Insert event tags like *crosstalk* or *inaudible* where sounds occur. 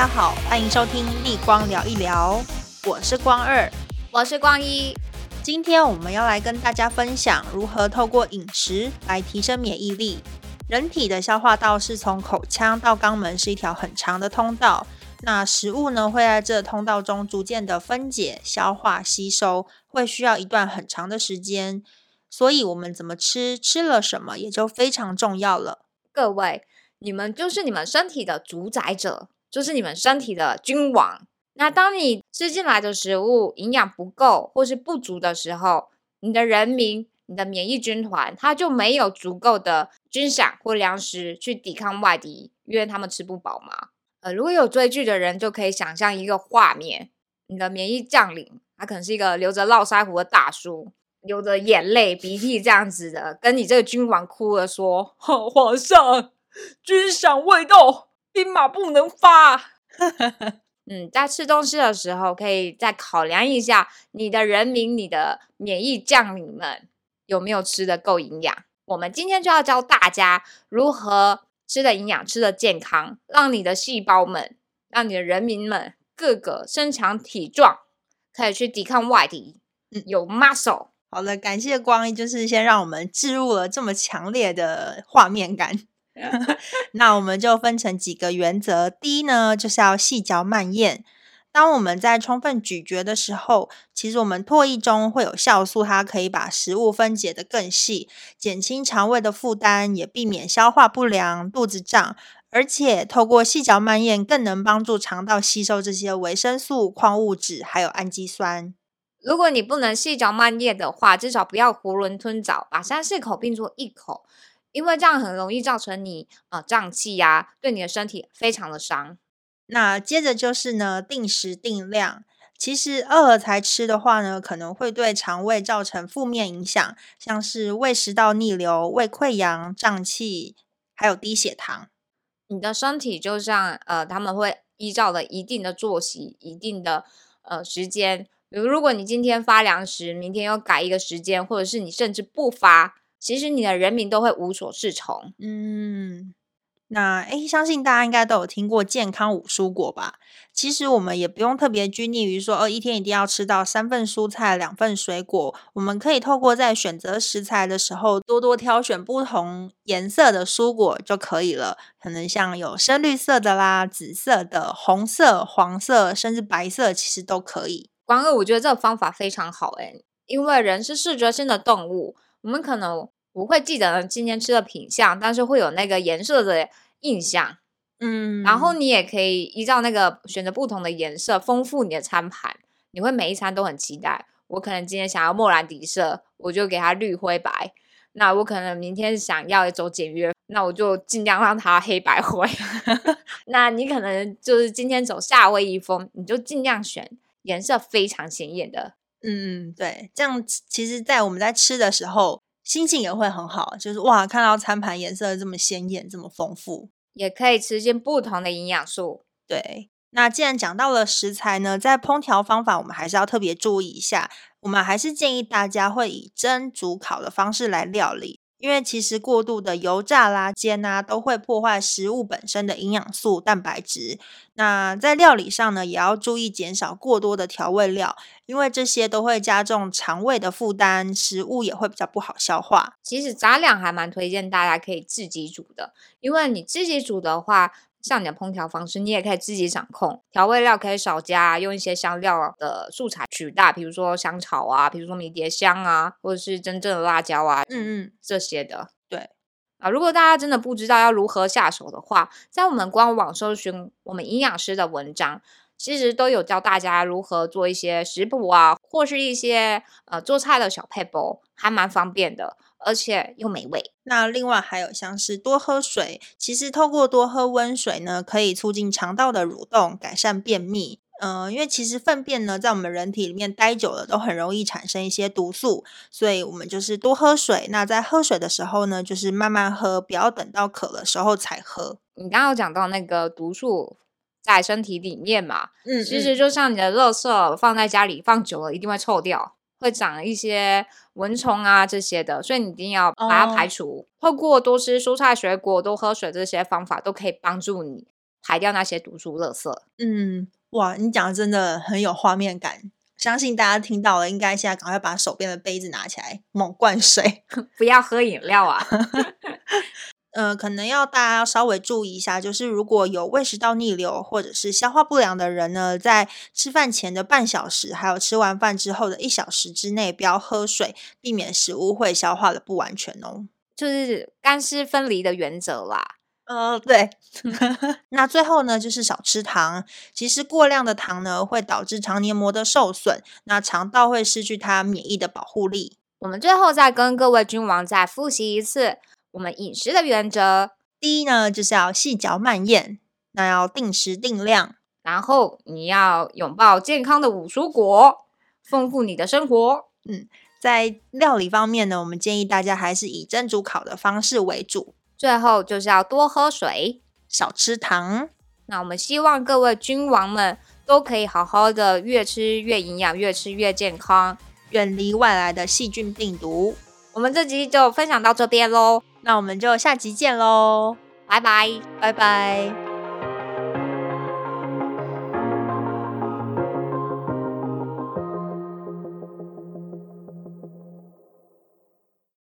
大家好，歡迎收聽立光聊一聊，我是光二，我是光一。今天我們要來跟大家分享如何透過飲食來提升免疫力。人體的消化道是從口腔到肛門是一條很長的通道，那食物呢會在這通道中逐漸的分解、消化、吸收，會需要一段很長的時間，所以我們怎麼吃，吃了什麼也就非常重要了。各位，你們就是你們身體的主宰者。就是你們身體的君王，那當你吃進來的食物營養不夠或是不足的時候，你的人民、你的免疫軍團，他就沒有足夠的軍餉或糧食去抵抗外敵，因為他們吃不飽嘛。呃，如果有追劇的人，就可以想象一個畫面：你的免疫將領，他可能是一個留着絡腮鬍的大叔，流着眼淚、鼻涕這樣子的，跟你這個君王哭着說：“好皇上，軍餉未到。”金馬不能發， *laughs* 嗯，在吃東西的時候可以再考量一下你的人民、你的免疫將領們有沒有吃得夠營養。我們今天就要教大家如何吃得營養、吃得健康，讓你的細胞們、讓你的人民們各個身強體壯，可以去抵抗外敵。嗯，有 muscle。好了，感謝光一，就是先讓我們置入了這麼強烈的畫面感。 *laughs* *laughs* 那我們就分成幾個原則。第一呢，就是要細嚼慢嚥。當我們在充分咀嚼的時候，其實我們唾液中會有酵素，它可以把食物分解得更細，減輕腸胃的負擔，也避免消化不良、肚子脹。而且透過細嚼慢嚥，更能幫助腸道吸收這些維生素、礦物質還有氨基酸。如果你不能細嚼慢嚥的話，至少不要囫圇吞棗，把三四口併作一口。因為這樣很容易造成你呃脹氣呀、啊，對你的身體非常的傷。那接着就是呢，定時定量。其實餓了才吃的話呢，可能會對腸胃造成負面影響，像是胃食道逆流、胃潰瘍、脹氣，還有低血糖。你的身體就像呃，他們會依照了一定的作息、一定的呃時間。比如如果你今天發糧食，明天要改一個時間，或者是你甚至不發。其實你的人民都會無所適從。嗯，那哎，相信大家應該都有聽過健康五蔬果吧？其實我們也不用特別拘泥於說哦、呃，一天一定要吃到三份蔬菜、兩份水果。我們可以透過在選擇食材的時候，多多挑選不同顏色的蔬果就可以了。可能像有深綠色的啦、紫色的、紅色、黃色，甚至白色，其實都可以。光哥，我覺得這個方法非常好誒，因為人是視覺性的動物。我們可能不會記得今天吃的品項，但是會有那個顏色的印象，嗯。然後你也可以依照那個選擇不同的顏色，豐富你的餐盤。你會每一餐都很期待。我可能今天想要莫蘭迪色，我就給它綠灰白。那我可能明天想要走簡約，那我就盡量讓它黑白灰。 *laughs* 那你可能就是今天走夏威夷風，你就盡量選顏色非常顯眼的。嗯對，這樣其實，在我們在吃的時候，心情也會很好。就是哇，看到餐盤顏色這麼鮮豔，這麼豐富，也可以吃進不同的營養素。對，那既然講到了食材呢，在烹調方法，我們還是要特別注意一下。我們還是建議大家會以蒸、煮、烤的方式來料理，因為其實過度的油炸、啦煎啊，都會破壞食物本身的營養素、蛋白質。那在料理上呢，也要注意減少過多的調味料。因為這些都會加重腸胃的負擔，食物也會比較不好消化。其實雜糧還蠻推薦大家可以自己煮的，因為你自己煮的話，像你的烹調方式，你也可以自己掌控，調味料可以少加，用一些香料的素材取代，比如說香草啊，比如說迷迭香啊，或者是真正的辣椒啊，嗯嗯，這些的。對，啊，如果大家真的不知道要如何下手的話，在我們官網搜尋我們營養師的文章。其實都有教大家如何做一些食譜啊，或是一些呃做菜的小撇步，還蠻方便的，而且又美味。那另外還有像是多喝水，其實透過多喝溫水呢，可以促進腸道的蠕動，改善便秘。嗯、呃，因為其實糞便呢，在我們人體裡面待久了，都很容易產生一些毒素，所以我們就是多喝水。那在喝水的時候呢，就是慢慢喝，不要等到渴的時候才喝。你剛剛有講到那個毒素。在身體裡面嘛，嗯，嗯，其實就像你的垃圾放在家裡放久了，一定會臭掉，會長一些蚊蟲啊這些的，所以你一定要把它排除。哦、透過多吃蔬菜水果、多喝水這些方法，都可以幫助你排掉那些毒素垃圾。嗯，哇，你講的真的很有畫面感，相信大家聽到了，應該現在趕快把手邊的杯子拿起來猛灌水， *laughs* 不要喝飲料啊。 *laughs* 嗯、呃，可能要大家稍微注意一下，就是如果有胃食道逆流或者是消化不良的人呢，在吃飯前的半小時，還有吃完飯之後的一小時之內，不要喝水，避免食物會消化的不完全哦。就是乾濕分離的原則啦。嗯、呃，對。 *laughs* 那最後呢，就是少吃糖。其實過量的糖呢，會導致腸黏膜的受損，那腸道會失去它免疫的保護力。我們最後再跟各位君王再復習一次。我們飲食的原則，第一呢就是要細嚼慢嚥，那要定時定量，然後你要擁抱健康的五蔬果，豐富你的生活。嗯，在料理方面呢，我們建議大家還是以蒸、煮、烤的方式為主。最後就是要多喝水，少吃糖。那我們希望各位君王們都可以好好的，越吃越營養，越吃越健康，遠離外來的細菌病毒。我們這集就分享到這邊嘍。那我們就下集見嘍，拜拜，拜拜。拜拜。